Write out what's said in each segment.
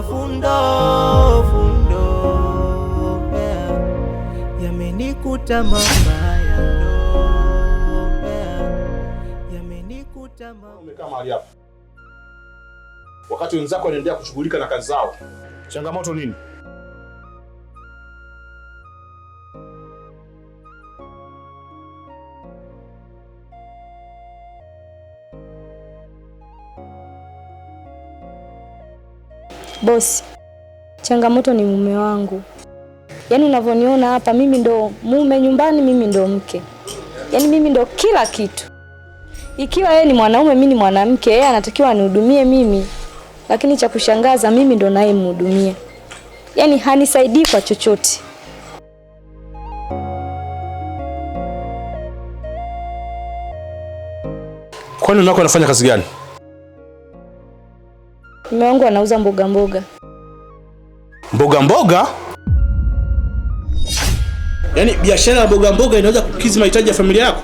mafundo fundo yeah. Yamenikuta mabaya yeah. Yamenikuta mabaya wakati wenzako wanaendelea kushughulika na kazi zao. Changamoto nini? Bosi, changamoto ni mume wangu. Yaani unavyoniona hapa, mimi ndo mume nyumbani, mimi ndo mke, yaani mimi ndo kila kitu. Ikiwa yeye ni mwanaume, mimi ni mwanamke, yeye anatakiwa anihudumie mimi, lakini cha kushangaza, mimi ndo naye mhudumia, yaani hanisaidii kwa chochote. Kwani unako anafanya kazi gani? Mume wangu anauza mboga mboga. Mboga mboga? Yaani biashara ya mboga mboga inaweza kukidhi mahitaji ya familia yako?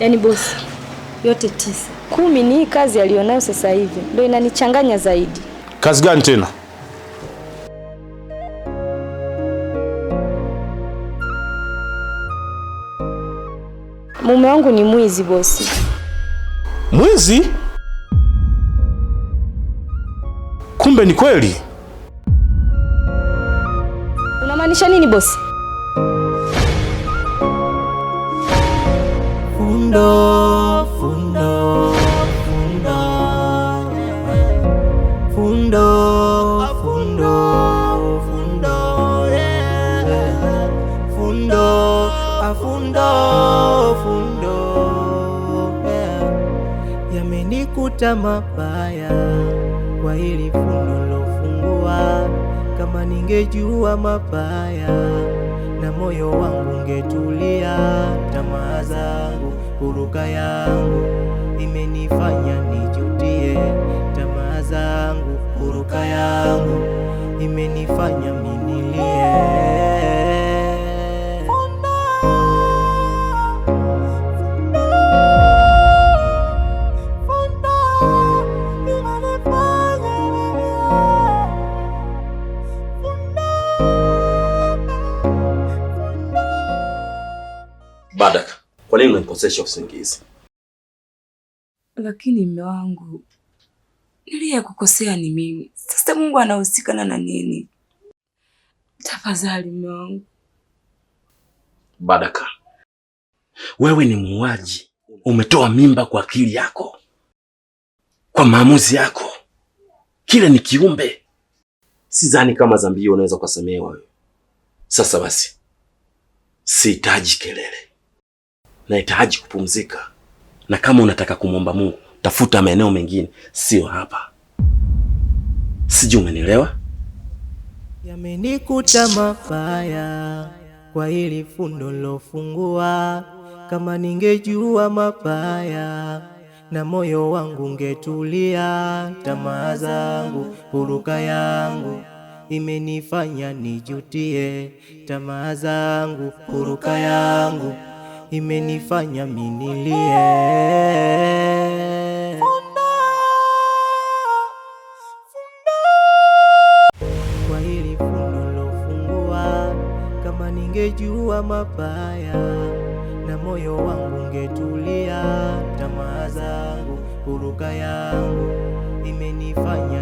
Yaani bosi, yote tisa kumi ni hii kazi aliyonayo sasa hivi ndio inanichanganya zaidi. Kazi gani tena? Mume wangu ni mwizi bosi. Mwizi? kumbe ni kweli. Unamaanisha nini bosi? Fundo, fundo, fundo. Fundo, fundo, fundo. Fundo, fundo. Yamenikuta mabaya kwa hili fundo lofungua. Kama ningejua mabaya, na moyo wangu ungetulia. Tamaa zangu, huruka yangu imenifanya nijutie. Tamaa zangu, huruka yangu imenifanya Badaka, kwa nini unanikosesha usingizi? Lakini mme wangu, niliye kukosea ni mimi. Sasa Mungu anahusikana na nini? Tafadhali mme wangu. Badaka, wewe ni muuaji, umetoa mimba kwa akili yako, kwa maamuzi yako. Kile ni kiumbe, sidhani kama dhambi hiyo unaweza ukasamehewa Sasa basi, sihitaji kelele nahitaji kupumzika, na kama unataka kumwomba Mungu tafuta maeneo mengine, sio hapa. Sijui umenielewa? Yamenikuta mabaya kwa hili fundo lofungua. Kama ningejua mabaya na moyo wangu ungetulia. Tamaa zangu huruka yangu imenifanya nijutie. Tamaa zangu huruka yangu imenifanya minilie. Kwa hili fundo lofungua, kama ningejua mabaya, na moyo wangu ungetulia. Tamaa zangu, huruka yangu imenifanya